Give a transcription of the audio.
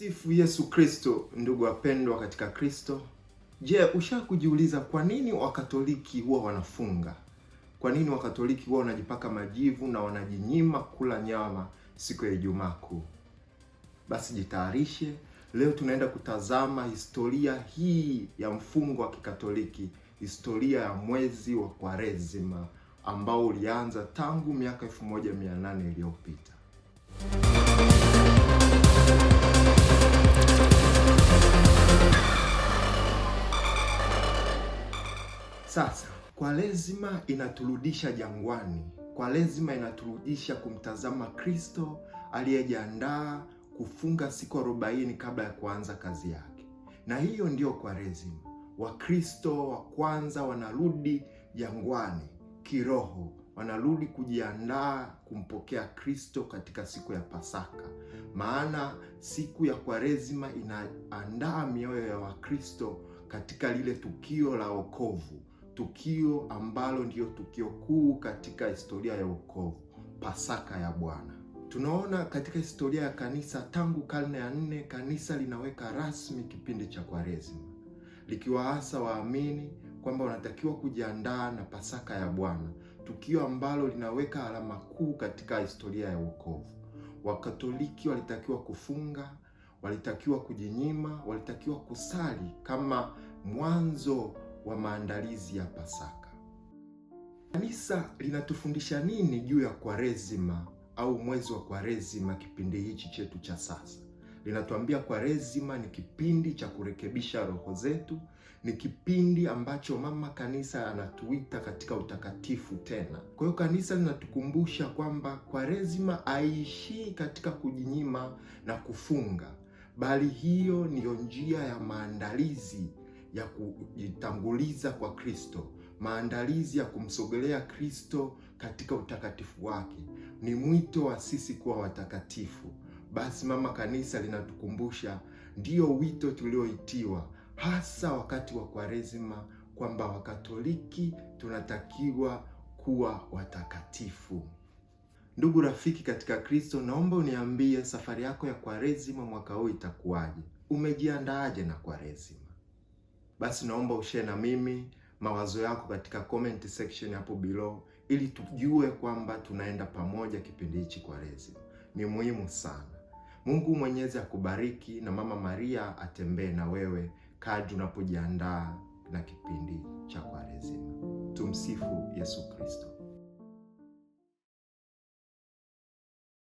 Tumsifu Yesu Kristo. Ndugu wapendwa katika Kristo, je, ushaa kujiuliza kwa nini Wakatoliki huwa wanafunga? Kwa nini Wakatoliki huwa wanajipaka majivu na wanajinyima kula nyama siku ya Ijumaa Kuu? Basi jitayarishe, leo tunaenda kutazama historia hii ya mfungo wa Kikatoliki, historia ya mwezi wa Kwaresima ambao ulianza tangu miaka 1800 iliyopita. Sasa Kwaresima inaturudisha jangwani. Kwaresima inaturudisha kumtazama Kristo aliyejiandaa kufunga siku arobaini kabla ya kuanza kazi yake, na hiyo ndiyo Kwaresima. Wakristo wa kwanza wanarudi jangwani kiroho, wanarudi kujiandaa kumpokea Kristo katika siku ya Pasaka, maana siku ya Kwaresima inaandaa mioyo ya Wakristo katika lile tukio la wokovu tukio ambalo ndiyo tukio kuu katika historia ya wokovu, Pasaka ya Bwana. Tunaona katika historia ya kanisa tangu karne ya nne, kanisa linaweka rasmi kipindi cha Kwaresima likiwaasa waamini kwamba wanatakiwa kujiandaa na Pasaka ya Bwana, tukio ambalo linaweka alama kuu katika historia ya wokovu. Wakatoliki walitakiwa kufunga, walitakiwa kujinyima, walitakiwa kusali kama mwanzo wa maandalizi ya Pasaka. Kanisa linatufundisha nini juu ya Kwaresima au mwezi wa Kwaresima kipindi hichi chetu cha sasa? Linatuambia Kwaresima ni kipindi cha kurekebisha roho zetu, ni kipindi ambacho mama kanisa anatuita katika utakatifu tena. Kwa hiyo kanisa linatukumbusha kwamba Kwaresima haishii katika kujinyima na kufunga, bali hiyo ndiyo njia ya maandalizi ya kujitanguliza kwa Kristo, maandalizi ya kumsogelea Kristo katika utakatifu wake, ni mwito wa sisi kuwa watakatifu. Basi mama kanisa linatukumbusha, ndiyo wito tulioitiwa, hasa wakati wa Kwaresima, kwamba Wakatoliki tunatakiwa kuwa watakatifu. Ndugu rafiki katika Kristo, naomba uniambie safari yako ya Kwaresima mwaka huu itakuwaje? Umejiandaaje na Kwaresima? basi naomba ushare na mimi mawazo yako katika comment section hapo below, ili tujue kwamba tunaenda pamoja kipindi hichi kwa rezi. Ni muhimu sana. Mungu Mwenyezi akubariki na Mama Maria atembee na wewe kadri unapojiandaa na kipindi cha Kwaresima. Tumsifu Yesu Kristo.